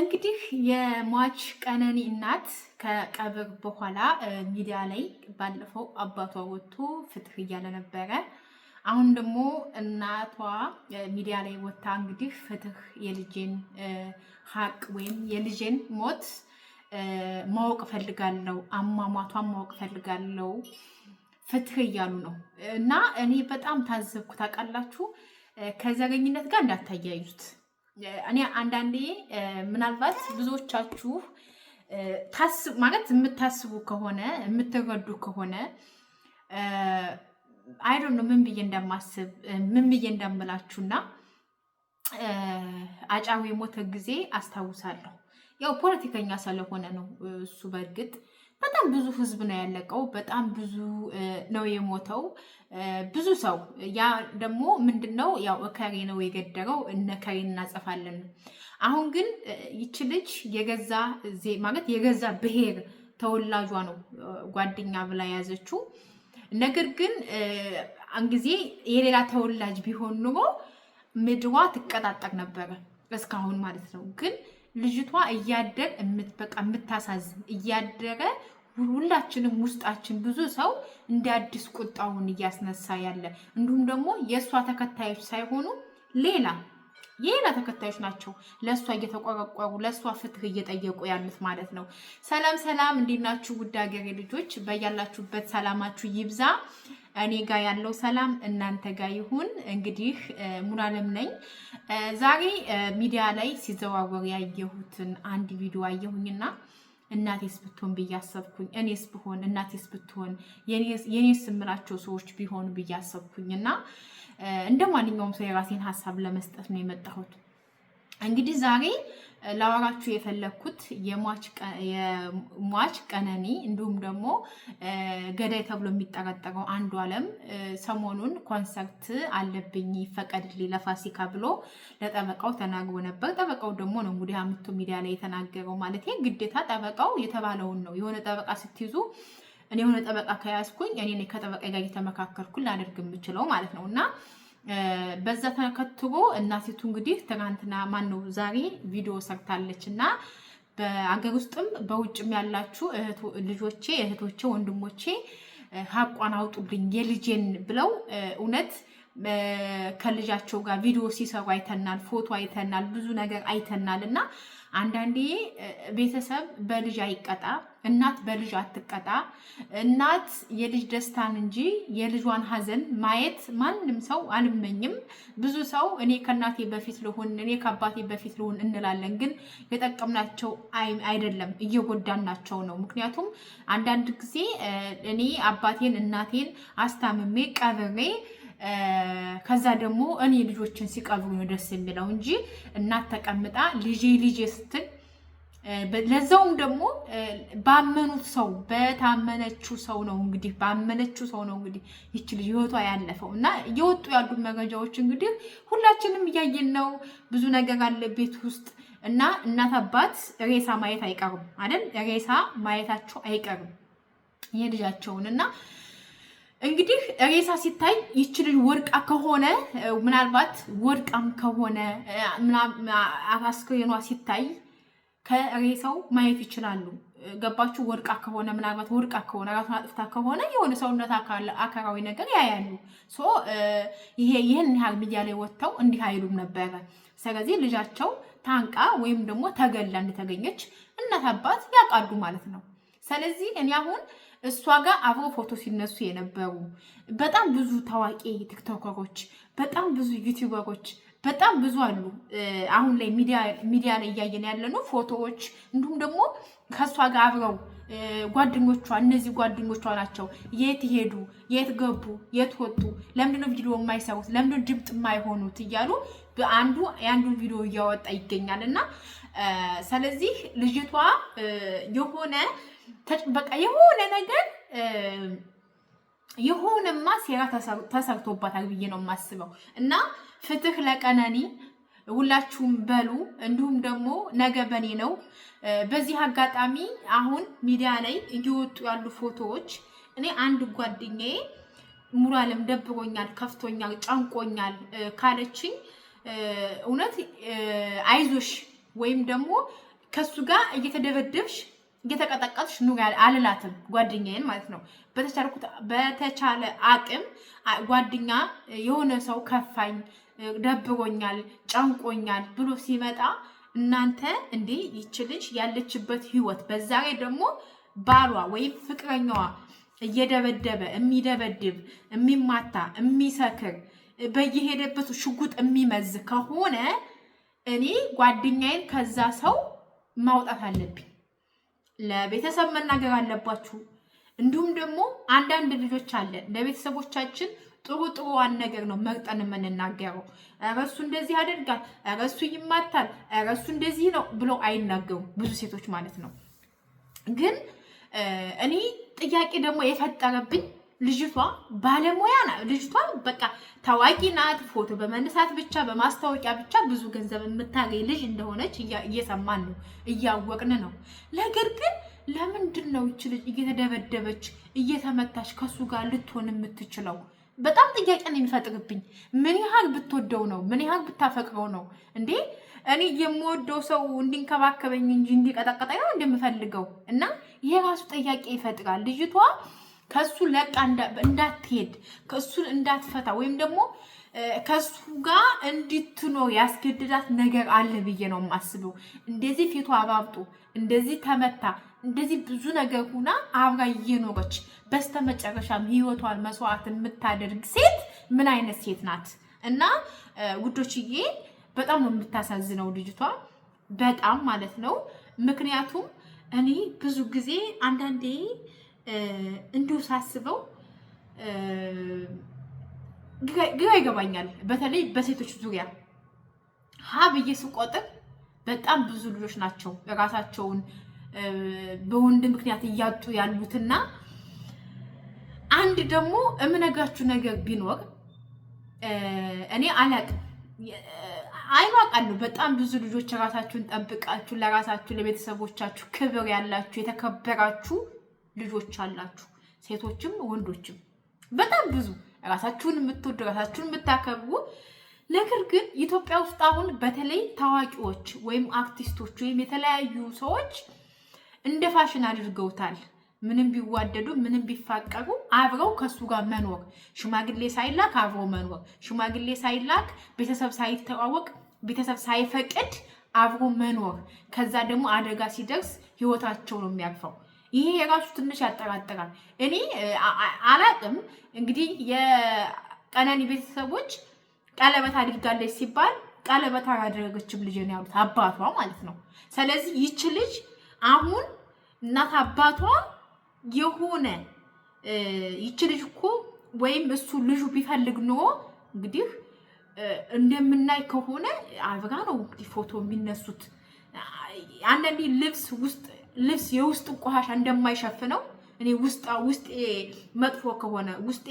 እንግዲህ የሟች ቀነኒ እናት ከቀብር በኋላ ሚዲያ ላይ ባለፈው አባቷ ወጥቶ ፍትህ እያለ ነበረ። አሁን ደግሞ እናቷ ሚዲያ ላይ ወጥታ እንግዲህ ፍትህ የልጄን ሀቅ ወይም የልጄን ሞት ማወቅ ፈልጋለው፣ አሟሟቷን ማወቅ ፈልጋለው፣ ፍትህ እያሉ ነው እና እኔ በጣም ታዘብኩ። ታውቃላችሁ ከዘረኝነት ጋር እንዳታያዩት እኔ አንዳንዴ ምናልባት ብዙዎቻችሁ ማለት የምታስቡ ከሆነ የምትረዱ ከሆነ አይዶ ነው ምን ብዬ እንደማስብ ምን ብዬ እንደምላችሁና አጫዊ የሞተ ጊዜ አስታውሳለሁ። ያው ፖለቲከኛ ስለሆነ ነው እሱ በእርግጥ በጣም ብዙ ህዝብ ነው ያለቀው። በጣም ብዙ ነው የሞተው ብዙ ሰው። ያ ደግሞ ምንድን ነው ያው እከሬ ነው የገደረው እነ እከሬ እናጸፋለን። አሁን ግን ይቺ ልጅ የገዛ ማለት የገዛ ብሔር ተወላጇ ነው ጓደኛ ብላ የያዘችው። ነገር ግን አን ጊዜ የሌላ ተወላጅ ቢሆን ኑሮ ምድሯ ትቀጣጠር ነበረ እስካሁን ማለት ነው ግን ልጅቷ እያደር በቃ የምታሳዝን እያደረ ሁላችንም ውስጣችን ብዙ ሰው እንደ አዲስ ቁጣውን እያስነሳ ያለ እንዲሁም ደግሞ የእሷ ተከታዮች ሳይሆኑ ሌላ የሌላ ተከታዮች ናቸው ለእሷ እየተቆረቆሩ ለእሷ ፍትህ እየጠየቁ ያሉት ማለት ነው። ሰላም ሰላም፣ እንዴት ናችሁ ውድ ሀገሬ ልጆች? በያላችሁበት ሰላማችሁ ይብዛ። እኔ ጋር ያለው ሰላም እናንተ ጋር ይሁን። እንግዲህ ሙሉዓለም ነኝ። ዛሬ ሚዲያ ላይ ሲዘዋወር ያየሁትን አንድ ቪዲዮ አየሁኝና እናቴስ ብትሆን ብያሰብኩኝ፣ እኔስ ብሆን እናቴስ ብትሆን የኔስ የምላቸው ሰዎች ቢሆኑ ብያሰብኩኝ እና እንደ ማንኛውም ሰው የራሴን ሀሳብ ለመስጠት ነው የመጣሁት። እንግዲህ ዛሬ ላወራችሁ የፈለግኩት የሟች ቀነኒ እንዲሁም ደግሞ ገዳይ ተብሎ የሚጠረጠረው አንዱ አለም ሰሞኑን ኮንሰርት አለብኝ ይፈቀድልኝ ለፋሲካ ብሎ ለጠበቃው ተናግሮ ነበር። ጠበቃው ደግሞ ነው እንግዲህ አምቶ ሚዲያ ላይ የተናገረው ማለት ግዴታ ጠበቃው የተባለውን ነው። የሆነ ጠበቃ ስትይዙ እኔ የሆነ ጠበቃ ከያዝኩኝ እኔ ከጠበቃ ጋር እየተመካከልኩ ላደርግ የምችለው ማለት ነው እና በዛ ተከትሎ እናቲቱ እንግዲህ ትናንትና ማነው ዛሬ ቪዲዮ ሰርታለች እና በአገር ውስጥም በውጭም ያላችሁ ልጆቼ፣ እህቶቼ፣ ወንድሞቼ ሀቋን አውጡልኝ የልጄን ብለው እውነት ከልጃቸው ጋር ቪዲዮ ሲሰሩ አይተናል፣ ፎቶ አይተናል፣ ብዙ ነገር አይተናል እና አንዳንዴ ቤተሰብ በልጅ አይቀጣ፣ እናት በልጅ አትቀጣ። እናት የልጅ ደስታን እንጂ የልጇን ሐዘን ማየት ማንም ሰው አልመኝም። ብዙ ሰው እኔ ከእናቴ በፊት ልሁን፣ እኔ ከአባቴ በፊት ልሁን እንላለን። ግን የጠቀምናቸው አይደለም፣ እየጎዳናቸው ነው። ምክንያቱም አንዳንድ ጊዜ እኔ አባቴን እናቴን አስታምሜ ቀብሬ ከዛ ደግሞ እኔ ልጆችን ሲቀሩ ነው ደስ የሚለው እንጂ እናት ተቀምጣ ልጄ ልጄ ስትል ለዛውም ደግሞ ባመኑት ሰው በታመነችው ሰው ነው እንግዲህ ባመነችው ሰው ነው እንግዲህ ይቺ ልጅ ህይወቷ ያለፈው እና እየወጡ ያሉ መረጃዎች እንግዲህ ሁላችንም እያየን ነው። ብዙ ነገር አለ ቤት ውስጥ እና እናት አባት ሬሳ ማየት አይቀርም አይደል? ሬሳ ማየታቸው አይቀርም የልጃቸውን እና እንግዲህ ሬሳ ሲታይ ይች ልጅ ወድቃ ከሆነ ምናልባት ወድቃም ከሆነ አስክሬኗ ሲታይ ከሬሳው ማየት ይችላሉ። ገባችሁ? ወድቃ ከሆነ ምናልባት ወድቃ ከሆነ ራሱን አጥፍታ ከሆነ የሆነ ሰውነት አካላዊ ነገር ያያሉ። ይሄ ይህን ያህል ሚዲያ ላይ ወጥተው እንዲህ አይሉም ነበረ። ስለዚህ ልጃቸው ታንቃ ወይም ደግሞ ተገላ እንደተገኘች እናት አባት ያውቃሉ ማለት ነው። ስለዚህ እኔ አሁን እሷ ጋር አብሮ ፎቶ ሲነሱ የነበሩ በጣም ብዙ ታዋቂ ቲክቶከሮች፣ በጣም ብዙ ዩቲዩበሮች፣ በጣም ብዙ አሉ። አሁን ላይ ሚዲያ ላይ እያየን ያለ ነው ፎቶዎች፣ እንዲሁም ደግሞ ከእሷ ጋር አብረው ጓደኞቿ እነዚህ ጓደኞቿ ናቸው። የት ሄዱ? የት ገቡ? የት ወጡ? ለምንድነው ቪዲዮ የማይሰሩት? ለምንድነው ድምፅ የማይሆኑት? እያሉ አንዱ የአንዱ ቪዲዮ እያወጣ ይገኛል እና ስለዚህ ልጅቷ የሆነ በቃ የሆነ ነገር የሆነማ ሴራ ተሰርቶባታል ብዬ ነው የማስበው። እና ፍትህ ለቀነኒ ሁላችሁም በሉ። እንዲሁም ደግሞ ነገ በኔ ነው። በዚህ አጋጣሚ አሁን ሚዲያ ላይ እየወጡ ያሉ ፎቶዎች እኔ አንድ ጓደኛዬ ሙራልም ደብሮኛል፣ ከፍቶኛል፣ ጨንቆኛል ካለችኝ እውነት አይዞሽ ወይም ደግሞ ከሱ ጋር እየተደበደብሽ እየተቀጠቀጥሽ ኑሪ አልላትም፣ ጓደኛዬን ማለት ነው። በተቻለ አቅም ጓደኛ የሆነ ሰው ከፋኝ፣ ደብሮኛል፣ ጨንቆኛል ብሎ ሲመጣ እናንተ እንዴ ይችልሽ ያለችበት ህይወት በዛ ላይ ደግሞ ባሏ ወይም ፍቅረኛዋ እየደበደበ የሚደበድብ የሚማታ የሚሰክር በየሄደበት ሽጉጥ የሚመዝ ከሆነ እኔ ጓደኛዬን ከዛ ሰው ማውጣት አለብኝ። ለቤተሰብ መናገር አለባችሁ። እንዲሁም ደግሞ አንዳንድ ልጆች አለን ለቤተሰቦቻችን ጥሩ ጥሩዋን ነገር ነው መርጠን የምንናገረው። እረሱ እንደዚህ ያደርጋል፣ እረሱ ይማታል፣ እረሱ እንደዚህ ነው ብሎ አይናገሩም ብዙ ሴቶች ማለት ነው። ግን እኔ ጥያቄ ደግሞ የፈጠረብኝ ልጅቷ ባለሙያ ናት። ልጅቷ በቃ ታዋቂ ናት። ፎቶ በመነሳት ብቻ በማስታወቂያ ብቻ ብዙ ገንዘብ የምታገኝ ልጅ እንደሆነች እየሰማን ነው፣ እያወቅን ነው። ነገር ግን ለምንድን ነው ይች ልጅ እየተደበደበች እየተመታች ከሱ ጋር ልትሆን የምትችለው? በጣም ጥያቄን የሚፈጥርብኝ ምን ያህል ብትወደው ነው? ምን ያህል ብታፈቅረው ነው? እንዴ እኔ የምወደው ሰው እንዲንከባከበኝ እንጂ እንዲቀጠቀጠ ነው እንደምፈልገው እና ይሄ ጥያቄ ይፈጥራል። ልጅቷ ከሱ ለቃ እንዳትሄድ ከሱን እንዳትፈታ ወይም ደግሞ ከሱ ጋር እንድትኖ ያስገድዳት ነገር አለ ብዬ ነው የማስበው። እንደዚህ ፊቷ አባብጦ፣ እንደዚህ ተመታ፣ እንደዚህ ብዙ ነገር ሁና አብራ እየኖረች በስተመጨረሻም ህይወቷን መስዋዕት የምታደርግ ሴት ምን አይነት ሴት ናት? እና ውዶችዬ በጣም ነው የምታሳዝነው ልጅቷ በጣም ማለት ነው። ምክንያቱም እኔ ብዙ ጊዜ አንዳንዴ እንዲሁ ሳስበው ግራ ይገባኛል። በተለይ በሴቶች ዙሪያ ሀ ብዬ ስቆጥር በጣም ብዙ ልጆች ናቸው ራሳቸውን በወንድ ምክንያት እያጡ ያሉትና አንድ ደግሞ እምነግራችሁ ነገር ቢኖር እኔ አላቅም አይዋቃለሁ በጣም ብዙ ልጆች ራሳችሁን ጠብቃችሁ ለራሳችሁ ለቤተሰቦቻችሁ ክብር ያላችሁ የተከበራችሁ ልጆች አላችሁ፣ ሴቶችም ወንዶችም በጣም ብዙ ራሳችሁን የምትወዱ ራሳችሁን የምታከብሩ ነገር ግን ኢትዮጵያ ውስጥ አሁን በተለይ ታዋቂዎች ወይም አርቲስቶች ወይም የተለያዩ ሰዎች እንደ ፋሽን አድርገውታል። ምንም ቢዋደዱ ምንም ቢፋቀሩ አብረው ከሱ ጋር መኖር፣ ሽማግሌ ሳይላክ አብሮ መኖር፣ ሽማግሌ ሳይላክ ቤተሰብ ሳይተዋወቅ ቤተሰብ ሳይፈቅድ አብሮ መኖር። ከዛ ደግሞ አደጋ ሲደርስ ህይወታቸው ነው የሚያርፈው። ይሄ የጋሱ ትንሽ ያጠራጥራል። እኔ አላቅም እንግዲህ የቀነኒ ቤተሰቦች ቀለበት አድርጋለች ሲባል ቀለበት አላደረገችም ልጅ ነው ያሉት አባቷ ማለት ነው። ስለዚህ ይች ልጅ አሁን እናት አባቷ የሆነ ይች ልጅ እኮ ወይም እሱ ልጁ ቢፈልግ ኖ እንግዲህ እንደምናይ ከሆነ አበጋ ነው እንግዲህ ፎቶ የሚነሱት አንዳንዴ ልብስ ውስጥ ልብስ የውስጥ ቆሻሻ እንደማይሸፍነው እኔ ውስጣ ውስጤ መጥፎ ከሆነ ውስጤ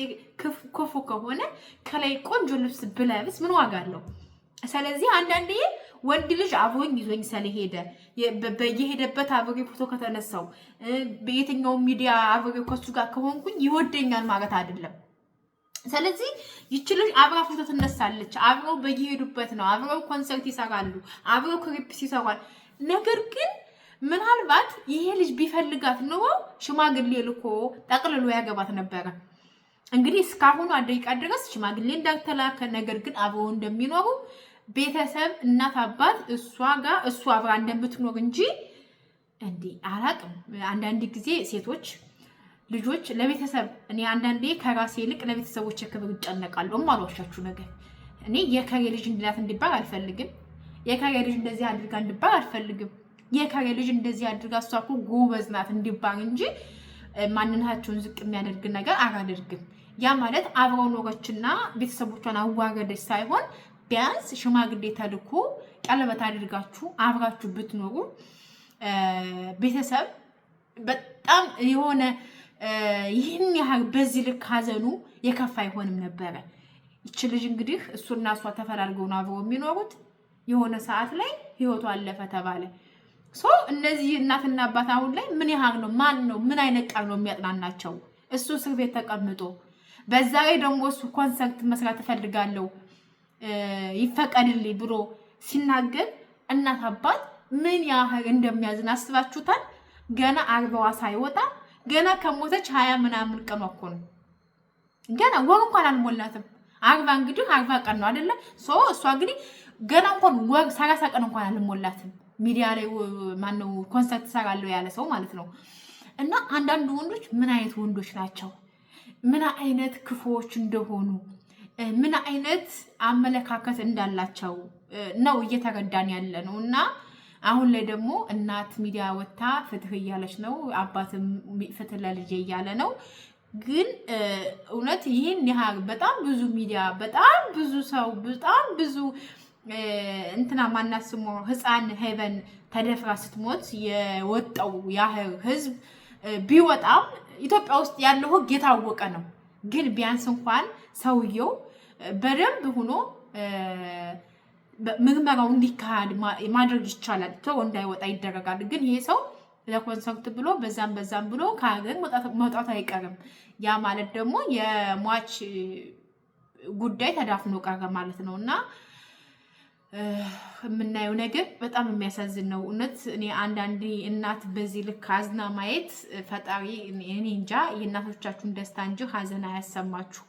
ክፉ ከሆነ ከላይ ቆንጆ ልብስ ብለብስ ምን ዋጋ አለው? ስለዚህ አንዳንዴ ወንድ ልጅ አብሮኝ ይዞኝ ስለሄደ በየሄደበት አብሬ ፎቶ ከተነሳው በየትኛው ሚዲያ አብሬ ከሱ ጋር ከሆንኩኝ ይወደኛል ማለት አይደለም። ስለዚህ ይቺ ልጅ አብራ ፎቶ ትነሳለች። አብረው በየሄዱበት ነው። አብረው ኮንሰርት ይሰራሉ። አብረው ክሪፕስ ይሰራል። ነገር ግን ምናልባት ይሄ ልጅ ቢፈልጋት ኑሮ ሽማግሌ ልኮ ጠቅልሎ ያገባት ነበረ። እንግዲህ እስካሁኑ አደቂቃ ድረስ ሽማግሌ እንዳልተላከ፣ ነገር ግን አብሮ እንደሚኖሩ ቤተሰብ እናት አባት እሷ ጋር እሱ አብራ እንደምትኖር እንጂ እንዲ አላቅም። አንዳንድ ጊዜ ሴቶች ልጆች ለቤተሰብ እኔ አንዳንዴ ከራሴ ይልቅ ለቤተሰቦች ክብር ይጨነቃሉ። አልዋሻችሁ ነገር እኔ የከሬ ልጅ እንዲላት እንዲባል አልፈልግም። የከሬ ልጅ እንደዚህ አድርጋ እንዲባል አልፈልግም። የከሬ ልጅ እንደዚህ አድርጋ እሷ እኮ ጎበዝ ናት እንዲባል እንጂ ማንነታቸውን ዝቅ የሚያደርግ ነገር አላደርግም። ያ ማለት አብረው ኖረችና ቤተሰቦቿን አዋረደች ሳይሆን ቢያንስ ሽማግሌ ተልኮ ቀለበት አድርጋችሁ አብራችሁ ብትኖሩ ቤተሰብ በጣም የሆነ ይህን ያህል በዚህ ልክ ሀዘኑ የከፋ አይሆንም ነበረ። ይች ልጅ እንግዲህ እሱና እሷ ተፈላልገው ነው አብረው የሚኖሩት። የሆነ ሰዓት ላይ ህይወቱ አለፈ ተባለ። ሶ እነዚህ እናትና አባት አሁን ላይ ምን ያህል ነው? ማን ነው? ምን አይነት ቃል ነው የሚያጥናናቸው? እሱ እስር ቤት ተቀምጦ በዛ ላይ ደግሞ እሱ ኮንሰርት መስራት እፈልጋለሁ ይፈቀድልኝ ብሎ ሲናገር እናት አባት ምን ያህል እንደሚያዝን አስባችሁታል? ገና አርባዋ ሳይወጣ ገና ከሞተች ሀያ ምናምን ቀን እኮ ነው። ገና ወር እንኳን አልሞላትም። አርባ እንግዲህ አርባ ቀን ነው ሶ እሷ እንግዲህ ገና እንኳን ወር ሰላሳ ቀን እንኳን አልሞላትም። ሚዲያ ላይ ማነው ኮንሰርት ሰራለሁ ያለ ሰው ማለት ነው። እና አንዳንድ ወንዶች ምን አይነት ወንዶች ናቸው፣ ምን አይነት ክፉዎች እንደሆኑ፣ ምን አይነት አመለካከት እንዳላቸው ነው እየተረዳን ያለ ነው እና አሁን ላይ ደግሞ እናት ሚዲያ ወጥታ ፍትህ እያለች ነው። አባትም ፍትህ ለልጄ እያለ ነው። ግን እውነት ይህን ያህል በጣም ብዙ ሚዲያ፣ በጣም ብዙ ሰው፣ በጣም ብዙ እንትና ማናት ህፃን ሄቨን ተደፍራ ስትሞት የወጣው ያ ህዝብ ቢወጣም ኢትዮጵያ ውስጥ ያለው ህግ የታወቀ ነው። ግን ቢያንስ እንኳን ሰውየው በደንብ ሆኖ ምርመራው እንዲካሄድ ማድረግ ይቻላል። ቶ እንዳይወጣ ይደረጋል። ግን ይሄ ሰው ለኮንሰርት ብሎ በዛም በዛም ብሎ ከሀገር መውጣት አይቀርም። ያ ማለት ደግሞ የሟች ጉዳይ ተዳፍኖ ቀረ ማለት ነው እና የምናየው ነገር በጣም የሚያሳዝን ነው። እውነት እኔ አንዳንድ እናት በዚህ ልክ አዝና ማየት ፈጣሪ እኔ እንጃ የእናቶቻችሁን ደስታ እንጂ ሀዘን አያሰማችሁ።